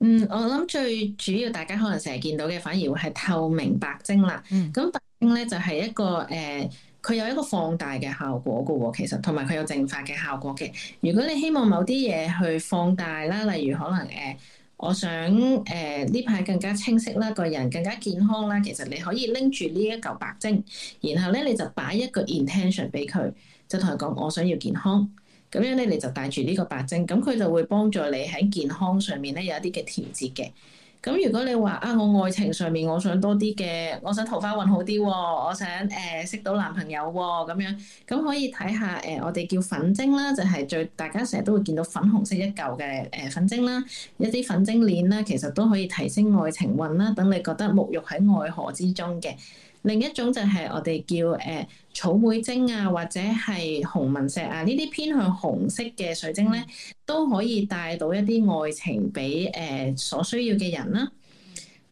嗯，嗯，我諗最主要大家可能成日見到嘅，反而會係透明白晶啦。咁、嗯、白晶咧就係、是、一個誒，佢、呃、有一個放大嘅效果㗎喎，其實同埋佢有淨化嘅效果嘅。如果你希望某啲嘢去放大啦，例如可能誒，呃我想誒呢排更加清晰啦，個人更加健康啦。其實你可以拎住呢一嚿白晶，然後咧你就擺一個 intention 俾佢，就同佢講我想要健康。咁樣咧你就帶住呢個白晶，咁佢就會幫助你喺健康上面咧有一啲嘅調節嘅。咁如果你話啊，我愛情上面我想多啲嘅，我想桃花運好啲喎、哦，我想誒、呃、識到男朋友喎、哦，咁樣咁可以睇下誒、呃，我哋叫粉晶啦，就係、是、最大家成日都會見到粉紅色一嚿嘅誒粉晶啦，一啲粉晶鏈啦，其實都可以提升愛情運啦，等你覺得沐浴喺愛河之中嘅。另一種就係我哋叫誒草莓晶啊，或者係紅紋石啊，呢啲偏向紅色嘅水晶咧，都可以帶到一啲愛情俾誒所需要嘅人啦。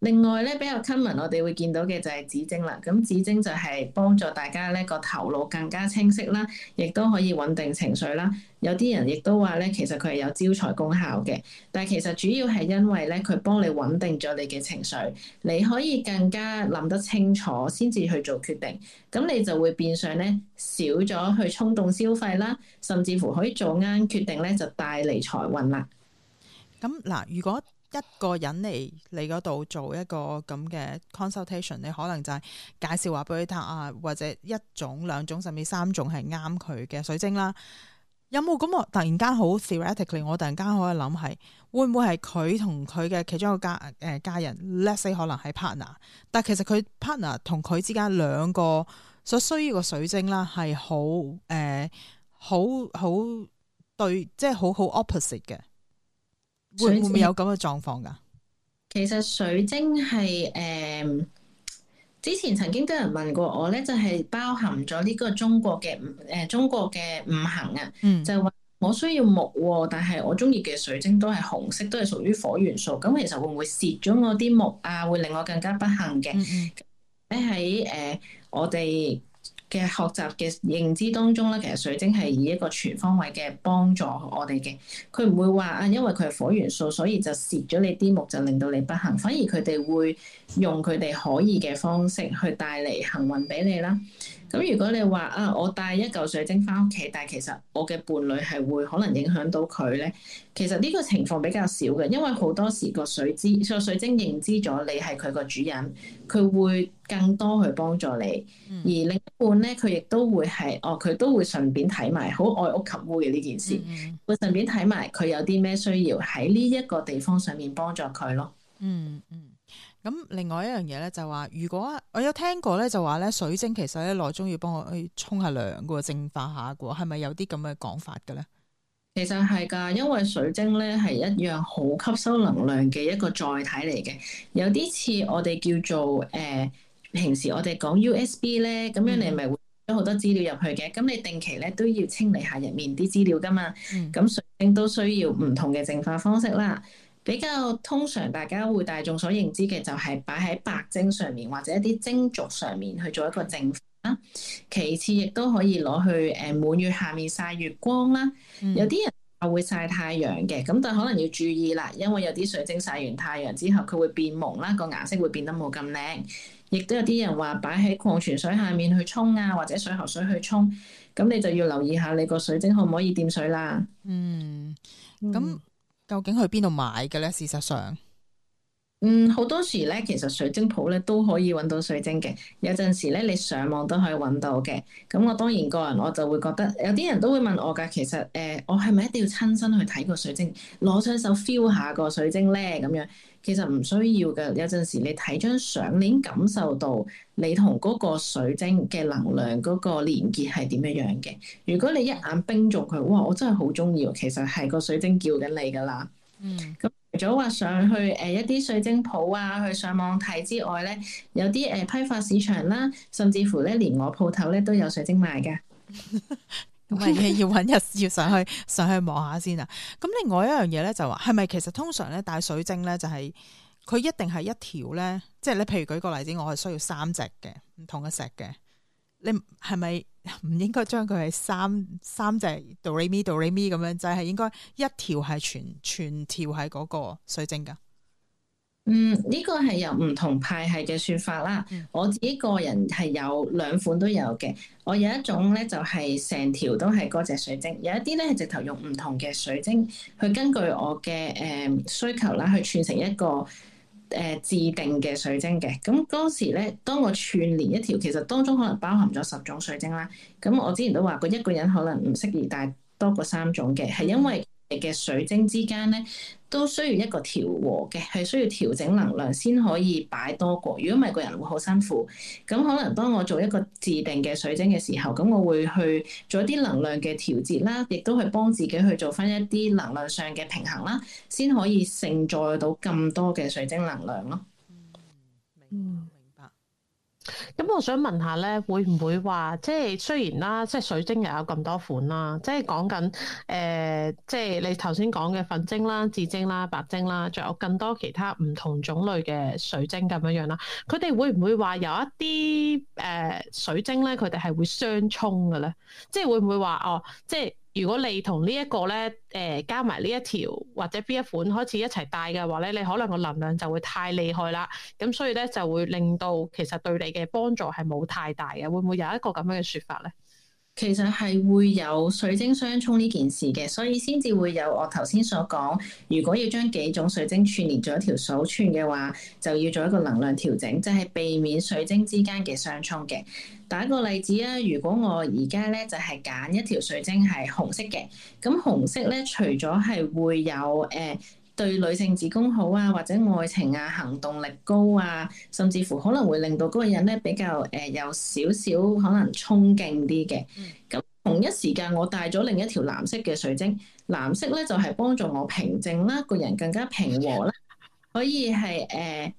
另外咧，比較 common，我哋會見到嘅就係紫晶啦。咁紫晶就係幫助大家咧個頭腦更加清晰啦，亦都可以穩定情緒啦。有啲人亦都話咧，其實佢係有招財功效嘅。但係其實主要係因為咧，佢幫你穩定咗你嘅情緒，你可以更加諗得清楚先至去做決定。咁你就會變相咧少咗去衝動消費啦，甚至乎可以做啱決定咧，就帶嚟財運啦。咁嗱，如果一個人嚟你嗰度做一個咁嘅 consultation，你可能就係介紹話俾佢聽啊，或者一種、兩種甚至三種係啱佢嘅水晶啦。有冇咁？我突然間好 theoretically，我突然間可以諗係會唔會係佢同佢嘅其中一個家誒、呃、家人，Let's say 可能係 partner，但其實佢 partner 同佢之間兩個所需要嘅水晶啦，係好誒好好對，即係好好 opposite 嘅。會唔會有咁嘅狀況㗎？其實水晶係誒、呃，之前曾經都有人問過我咧，就係、是、包含咗呢個中國嘅誒、呃，中國嘅五行啊，嗯、就係話我需要木，但係我中意嘅水晶都係紅色，都係屬於火元素。咁其實會唔會蝕咗我啲木啊？會令我更加不幸嘅？咧喺誒，我哋嘅學習嘅認知當中咧，其實水晶係以一個全方位嘅幫助我哋嘅，佢唔會話啊，因為佢係火元素，所以就蝕咗你啲木就令到你不幸，反而佢哋會用佢哋可以嘅方式去帶嚟幸運俾你啦。咁如果你話啊，我帶一嚿水晶翻屋企，但係其實我嘅伴侶係會可能影響到佢咧。其實呢個情況比較少嘅，因為好多時個水知，個水晶認知咗你係佢個主人，佢會更多去幫助你。嗯、而另一半咧，佢亦都會係哦，佢都會順便睇埋，好愛屋及烏嘅呢件事，嗯嗯，會順便睇埋佢有啲咩需要喺呢一個地方上面幫助佢咯。嗯，嗯。咁另外一樣嘢咧就話、是，如果我有聽過咧，就話咧水晶其實咧內中要幫我去沖下涼嘅喎，淨化下嘅喎，係咪有啲咁嘅講法嘅咧？其實係㗎，因為水晶咧係一樣好吸收能量嘅一個載體嚟嘅，有啲似我哋叫做誒、呃，平時我哋講 USB 咧，咁樣你咪會咗好多資料入去嘅，咁、嗯、你定期咧都要清理下入面啲資料噶嘛，咁、嗯、水晶都需要唔同嘅淨化方式啦。比較通常大家會大眾所認知嘅就係擺喺白晶上面或者一啲晶族上面去做一個淨化，其次亦都可以攞去誒、呃、滿月下面曬月光啦。嗯、有啲人話會曬太陽嘅，咁但可能要注意啦，因為有啲水晶曬完太陽之後佢會變濛啦，個顏色會變得冇咁靚。亦都有啲人話擺喺礦泉水下面去沖啊，或者水喉水去沖，咁你就要留意下你個水晶可唔可以掂水啦。嗯，咁、嗯。嗯。究竟去邊度買嘅咧？事實上，嗯，好多時咧，其實水晶鋪咧都可以揾到水晶嘅。有陣時咧，你上網都可以揾到嘅。咁我當然個人我就會覺得，有啲人都會問我㗎。其實，誒、呃，我係咪一定要親身去睇個水晶，攞上手 feel 下個水晶咧？咁樣。其實唔需要嘅，有陣時你睇張相，你已經感受到你同嗰個水晶嘅能量嗰個連結係點樣樣嘅。如果你一眼冰中佢，哇！我真係好中意，其實係個水晶叫緊你噶啦。嗯。咁除咗話上去誒一啲水晶鋪啊，去上網睇之外咧，有啲誒批發市場啦、啊，甚至乎咧連我鋪頭咧都有水晶賣嘅。 [laughs] 咁嘅要搵日要上去上去望下先啊！咁另外一樣嘢咧就話係咪其實通常咧戴水晶咧就係、是、佢一定係一條咧，即係你譬如舉個例子，我係需要三隻嘅唔同嘅石嘅，你係咪唔應該將佢係三三隻 do re mi do re mi 咁樣就係應該一條係全全條係嗰個水晶噶？嗯，呢、這個係由唔同派系嘅說法啦。嗯、我自己個人係有兩款都有嘅。我有一種咧就係、是、成條都係嗰隻水晶，有一啲咧係直頭用唔同嘅水晶去根據我嘅誒、呃、需求啦，去串成一個誒、呃、自定嘅水晶嘅。咁當時咧，當我串連一條，其實當中可能包含咗十種水晶啦。咁我之前都話過，一個人可能唔適宜戴多過三種嘅，係因為，嘅水晶之間咧，都需要一個調和嘅，係需要調整能量先可以擺多個。如果唔係，個人會好辛苦。咁可能當我做一個自定嘅水晶嘅時候，咁我會去做一啲能量嘅調節啦，亦都去幫自己去做翻一啲能量上嘅平衡啦，先可以承載到咁多嘅水晶能量咯。嗯。咁我想問下咧，會唔會話即係雖然啦，即係水晶又有咁多款啦，即係講緊誒，即係你頭先講嘅粉晶啦、紫晶啦、白晶啦，仲有更多其他唔同種類嘅水晶咁樣樣啦。佢哋會唔會話有一啲誒、呃、水晶咧，佢哋係會相沖嘅咧？即係會唔會話哦，即係？如果你同呢、這個呃、一個咧，誒加埋呢一條或者邊一款開始一齊帶嘅話咧，你可能個能量就會太厲害啦，咁所以咧就會令到其實對你嘅幫助係冇太大嘅，會唔會有一個咁樣嘅説法咧？其實係會有水晶相沖呢件事嘅，所以先至會有我頭先所講。如果要將幾種水晶串連做一條手串嘅話，就要做一個能量調整，即係避免水晶之間嘅相沖嘅。打一個例子啊，如果我而家咧就係揀一條水晶係紅色嘅，咁紅色咧除咗係會有誒。呃對女性子宮好啊，或者愛情啊，行動力高啊，甚至乎可能會令到嗰個人咧比較誒有少少可能衝勁啲嘅。咁同一時間，我帶咗另一條藍色嘅水晶，藍色咧就係幫助我平靜啦，個人更加平和啦，可以係誒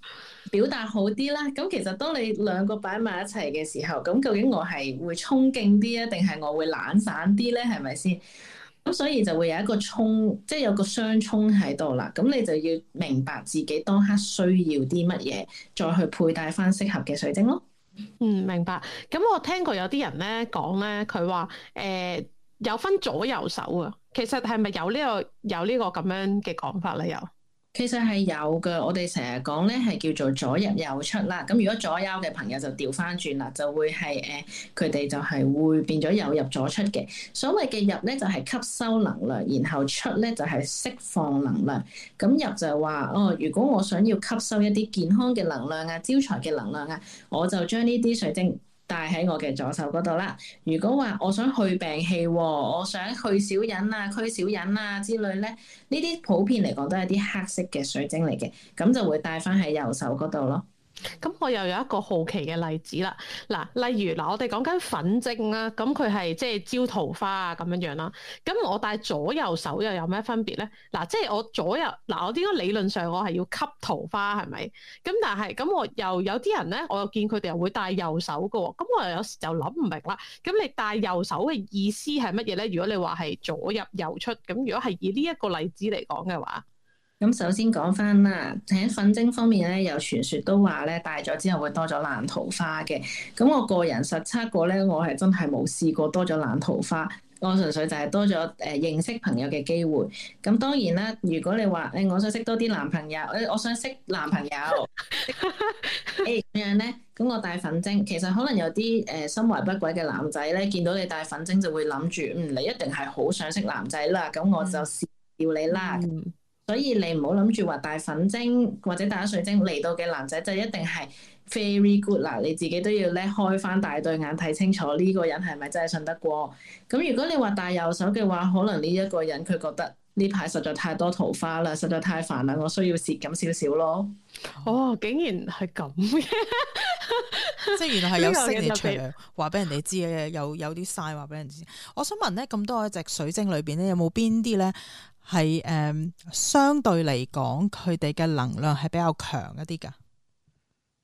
表達好啲啦。咁其實當你兩個擺埋一齊嘅時候，咁究竟我係會衝勁啲啊，定係我會懶散啲咧？係咪先？咁所以就會有一個衝，即係有個相沖喺度啦。咁你就要明白自己當刻需要啲乜嘢，再去佩戴翻適合嘅水晶咯。嗯，明白。咁我聽過有啲人咧講咧，佢話誒有分左右手啊。其實係咪有呢個有呢個咁樣嘅講法咧？又？其實係有嘅，我哋成日講咧係叫做左入右出啦。咁如果左右嘅朋友就調翻轉啦，就會係誒佢哋就係會變咗右入左出嘅。所謂嘅入咧就係吸收能量，然後出咧就係釋放能量。咁入就係話哦，如果我想要吸收一啲健康嘅能量啊、招財嘅能量啊，我就將呢啲水晶。戴喺我嘅左手嗰度啦。如果話我想去病氣，我想去小人啊、驅小人啊之類咧，呢啲普遍嚟講都係啲黑色嘅水晶嚟嘅，咁就會戴返喺右手嗰度咯。咁我又有一個好奇嘅例子啦，嗱，例如嗱，我哋講緊粉晶啦，咁佢係即係招桃花啊咁樣樣啦。咁我戴左右手又有咩分別咧？嗱，即係我左右嗱，我點解理論上我係要吸桃花係咪？咁但係咁我又有啲人咧，我又見佢哋又會戴右手㗎喎。咁我又有時就諗唔明啦。咁你戴右手嘅意思係乜嘢咧？如果你話係左入右出，咁如果係以呢一個例子嚟講嘅話。咁首先講翻啦，喺粉晶方面咧，有傳說都話咧，戴咗之後會多咗爛桃花嘅。咁我個人實測過咧，我係真係冇試過多咗爛桃花，我純粹就係多咗誒、呃、認識朋友嘅機會。咁當然啦，如果你話誒、欸、我想識多啲男朋友，誒、欸、我想識男朋友，誒咁 [laughs] 樣咧，咁我戴粉晶，其實可能有啲誒心懷不軌嘅男仔咧，見到你戴粉晶就會諗住，嗯，你一定係好想識男仔啦，咁我就試撩你啦。嗯所以你唔好諗住話戴粉晶或者戴水晶嚟到嘅男仔就一定係 very good 啦，你自己都要咧開翻大對眼睇清楚呢個人係咪真係信得過？咁如果你話戴右手嘅話，可能呢一個人佢覺得呢排實在太多桃花啦，實在太煩啦，我需要蝕緊少少咯。哦，竟然係咁嘅， [laughs] [laughs] 即係原來係有 signature 出嚟，話俾人哋知嘅，有有啲嘥話俾人知。我想問咧，咁多隻水晶裏邊咧，有冇邊啲咧？係誒，相對嚟講，佢哋嘅能量係比較強一啲噶誒、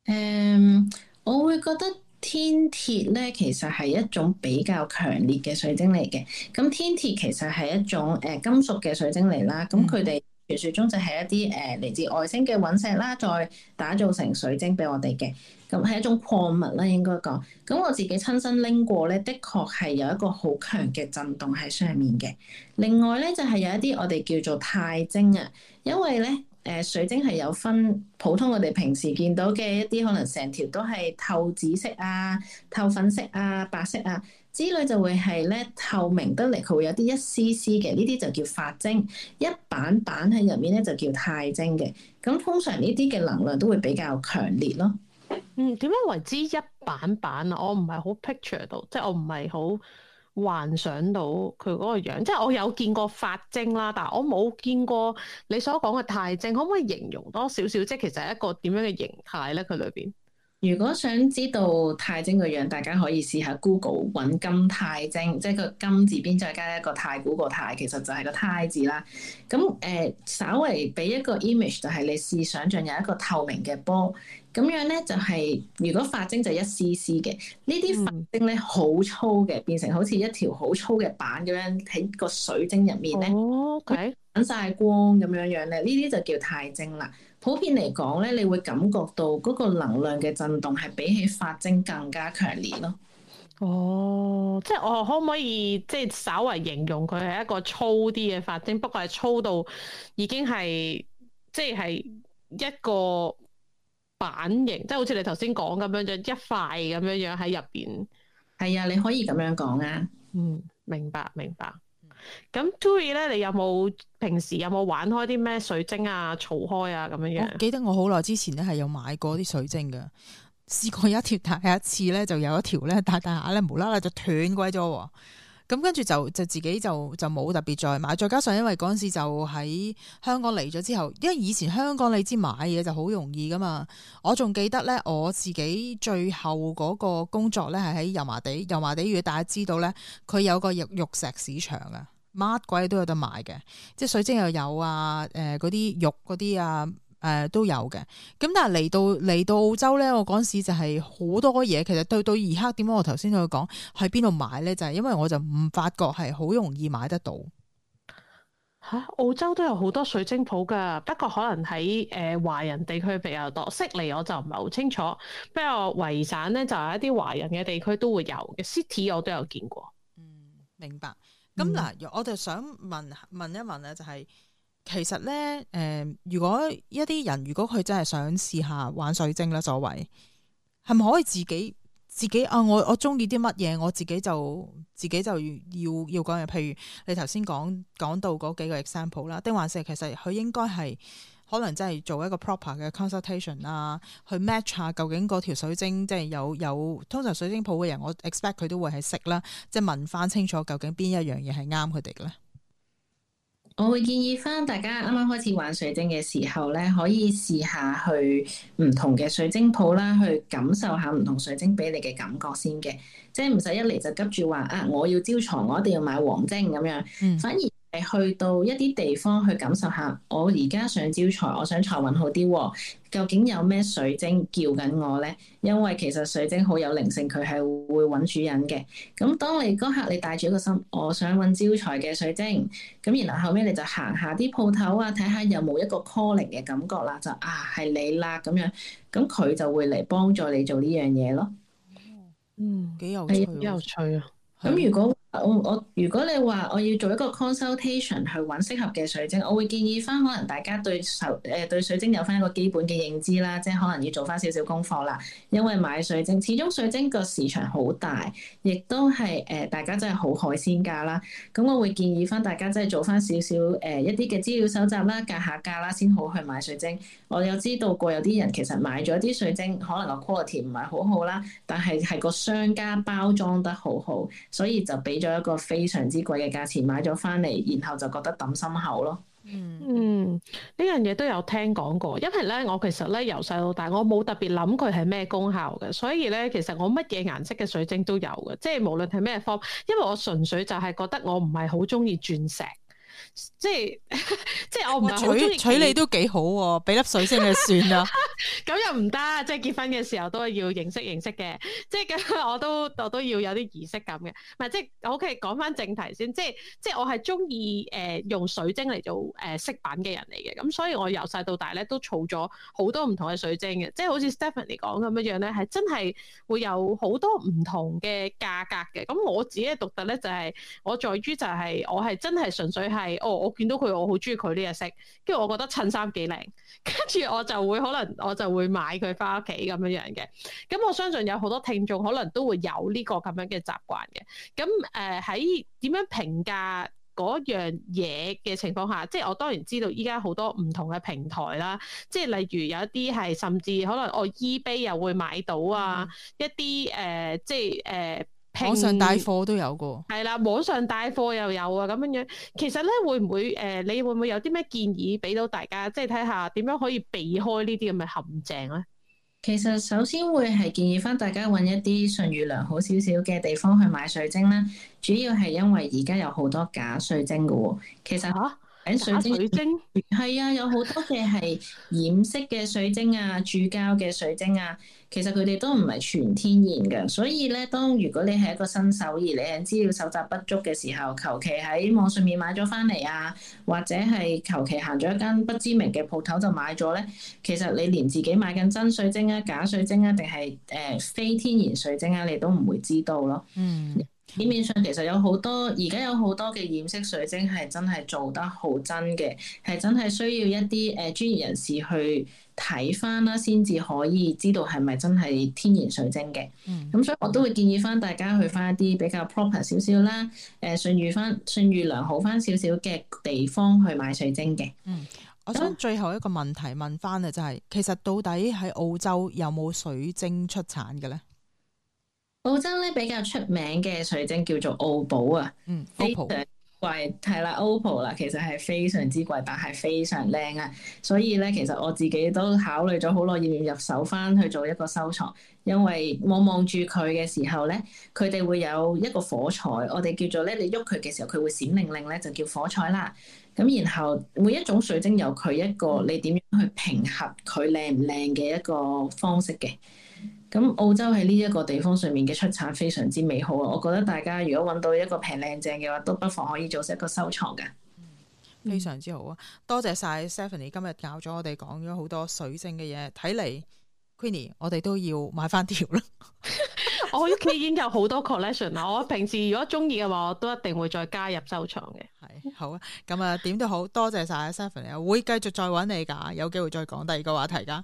嗯，我會覺得天鐵咧，其實係一種比較強烈嘅水晶嚟嘅。咁天鐵其實係一種誒金屬嘅水晶嚟啦。咁佢哋。傳說中就係一啲誒嚟自外星嘅隕石啦，再打造成水晶俾我哋嘅，咁係一種礦物啦，應該講。咁我自己親身拎過咧，的確係有一個好強嘅震動喺上面嘅。另外咧就係有一啲我哋叫做鈦晶啊，因為咧誒水晶係有分普通，我哋平時見到嘅一啲可能成條都係透紫色啊、透粉色啊、白色啊。之類就會係咧透明得嚟，佢會有啲一絲絲嘅，呢啲就叫髮晶；一板板喺入面咧就叫鈦晶嘅。咁通常呢啲嘅能量都會比較強烈咯。嗯，點樣為之一板板啊？我唔係好 picture 到，即係我唔係好幻想到佢嗰個樣。即係我有見過髮晶啦，但係我冇見過你所講嘅鈦晶。可唔可以形容多少少？即係其實係一個點樣嘅形態咧？佢裏邊。如果想知道鈦晶嘅樣，大家可以試下 Google 揾金鈦晶，即係個金字邊再加一個太古個太，其實就係個太字啦。咁誒、呃，稍微俾一個 image 就係你試想象有一個透明嘅波。咁樣咧就係、是、如果發晶就一絲絲嘅，呢啲發晶咧好粗嘅，變成好似一條好粗嘅板咁樣喺個水晶入面咧。Okay. 散曬光咁樣樣咧，呢啲就叫鈦晶啦。普遍嚟講咧，你會感覺到嗰個能量嘅震動係比起髮晶更加強烈咯。哦，即係我可唔可以即係稍為形容佢係一個粗啲嘅髮晶，不過係粗到已經係即係一個版型，即係好似你頭先講咁樣，就一塊咁樣樣喺入邊。係啊、嗯，你可以咁樣講啊。嗯，明白，明白。咁，Tui 咧，你有冇平時有冇玩開啲咩水晶啊、嘈開啊咁樣樣？記得我好耐之前咧係有買過啲水晶噶試過有一條大一次咧就有一條咧大大下，咧無啦啦就斷鬼咗，咁跟住就就自己就就冇特別再買。再加上因為嗰陣時就喺香港嚟咗之後，因為以前香港你知買嘢就好容易噶嘛我仲記得咧我自己最後嗰個工作咧係喺油麻地，油麻地如果大，大家知道咧，佢有個玉石市場啊。乜鬼都有得買嘅，即係水晶又有啊，誒嗰啲肉嗰啲啊，誒、呃、都有嘅。咁但係嚟到嚟到澳洲咧，我嗰陣時就係好多嘢。其實對到到而家，點解我頭先同你講喺邊度買咧？就係、是、因為我就唔發覺係好容易買得到。吓、啊，澳洲都有好多水晶鋪噶，不過可能喺誒華人地區比較多，悉尼我就唔係好清楚。不過維省咧就係一啲華人嘅地區都會有嘅。City 我都有見過。嗯，明白。咁嗱，嗯、我就想問問一問咧、就是，就係其實咧，誒、呃，如果一啲人如果佢真係想試下玩水晶啦，所謂係咪可以自己自己啊？我我中意啲乜嘢，我自己就自己就要要講嘅。譬如你頭先講講到嗰幾個 example 啦，丁華盛其實佢應該係。可能真係做一個 proper 嘅 consultation 啦，去 match 下究竟嗰條水晶即係有有，通常水晶鋪嘅人，我 expect 佢都會係識啦，即係問翻清楚究竟邊一樣嘢係啱佢哋嘅咧。我會建議翻大家啱啱開始玩水晶嘅時候咧，可以試下去唔同嘅水晶鋪啦，去感受下唔同水晶俾你嘅感覺先嘅，即係唔使一嚟就急住話啊，我要招財，我一定要買黃晶咁樣，反而、嗯。係去到一啲地方去感受下，我而家想招財，我想財運好啲，哦，究竟有咩水晶叫緊我咧？因為其實水晶好有靈性，佢係會揾主人嘅。咁當你嗰刻你帶住一個心，我想揾招財嘅水晶，咁然後後尾你就行下啲鋪頭啊，睇下有冇一個 calling 嘅感覺啦，就啊係你啦咁樣，咁佢就會嚟幫助你做呢樣嘢咯。嗯，幾有趣，幾有趣啊！咁如果我我如果你話我要做一個 consultation 去揾適合嘅水晶，我會建議翻可能大家對受誒對水晶有翻一個基本嘅認知啦，即係可能要做翻少少功課啦。因為買水晶，始終水晶個市場好大，亦都係誒大家真係好海鮮價啦。咁我會建議翻大家真係做翻少少誒一啲嘅、呃、資料搜集啦，格下價啦，先好去買水晶。我有知道過有啲人其實買咗啲水晶，可能個 quality 唔係好好啦，但係係個商家包裝得好好，所以就俾咗一個非常之貴嘅價錢買咗翻嚟，然後就覺得揼心口咯。嗯，呢樣嘢都有聽講過，因為咧，我其實咧由細到大，我冇特別諗佢係咩功效嘅，所以咧，其實我乜嘢顏色嘅水晶都有嘅，即係無論係咩方，因為我純粹就係覺得我唔係好中意鑽石。即係即係我唔係好中意娶你都幾好喎，啊，俾粒水晶就算啦。咁 [laughs] 又唔得，即係結婚嘅時候都要認識認識嘅，即係咁我都我都要有啲儀式感嘅。唔係即係 OK，講翻正題先，即係即係我係中意誒用水晶嚟做誒飾品嘅人嚟嘅。咁所以我由細到大咧都儲咗好多唔同嘅水晶嘅，即係好似 Stephanie 講咁樣樣咧，係真係會有好多唔同嘅價格嘅。咁我自己嘅獨特咧就係，是，我在於就係，是，我係真係純粹係。係我我見到佢，我好中意佢呢個色，跟住我覺得襯衫幾靚，跟住我就會可能我就會買佢翻屋企咁樣樣嘅。咁我相信有好多聽眾可能都會有呢個咁樣嘅習慣嘅。咁誒喺點樣評價嗰樣嘢嘅情況下，即係我當然知道依家好多唔同嘅平台啦，即係例如有一啲係甚至可能我、哦、eBay 又會買到啊，嗯、一啲誒、呃、即係誒。呃網上帶貨都有個，係啦， [noise] 網上帶貨又有啊，咁樣樣，其實咧會唔會誒、呃，你會唔會有啲咩建議俾到大家，即係睇下點樣可以避開呢啲咁嘅陷阱咧？其實首先會係建議翻大家搵一啲信譽良好少少嘅地方去買水晶啦，主要係因為而家有好多假水晶噶，其實吓、啊。哎、水晶，水晶係啊，有好多嘅係染色嘅水晶啊，注膠嘅水晶啊，其實佢哋都唔係全天然嘅。所以咧，當如果你係一個新手而你係資料搜集不足嘅時候，求其喺網上面買咗翻嚟，啊，或者係求其行咗一間不知名嘅鋪頭就買咗咧，其實你連自己買緊真水晶啊、假水晶啊，定係誒非天然水晶啊，你都唔會知道咯。嗯。表面上其實有好多，而家有好多嘅染色水晶係真係做得好真嘅，係真係需要一啲誒專業人士去睇翻啦，先至可以知道係咪真係天然水晶嘅。嗯，咁所以我都會建議翻大家去翻一啲比較 proper 少少啦，誒信譽翻信譽良好翻少少嘅地方去買水晶嘅。嗯，我想最後一個問題問翻啊，就係，就係其實到底喺澳洲有冇水晶出產嘅咧？澳洲咧比較出名嘅水晶叫做澳寶啊，嗯、非常貴係啦，澳寶啦，其實係非常之貴，但係非常靚啊。所以咧，其實我自己都考慮咗好耐要入手翻去做一個收藏，因為我望住佢嘅時候咧，佢哋會有一個火彩，我哋叫做咧，你喐佢嘅時候，佢會閃靈靈咧，就叫火彩啦。咁然後每一種水晶有佢一個你點樣去平衡佢靚唔靚嘅一個方式嘅。咁澳洲喺呢一個地方上面嘅出產非常之美好啊！我覺得大家如果揾到一個平靚正嘅話，都不妨可以做成一個收藏嘅。嗯，非常之好啊！多謝晒 Stephanie 今日教咗我哋講咗好多水晶嘅嘢，睇嚟 Queenie 我哋都要買翻條啦。 [laughs] [laughs] 我屋企已經有好多 collection 啦， [laughs] 我平時如果中意嘅話，我都一定會再加入收藏嘅。係 [laughs] 好啊，咁啊點都好多謝晒 Stephanie，我會繼續再揾你㗎，有機會再講第二個話題㗎。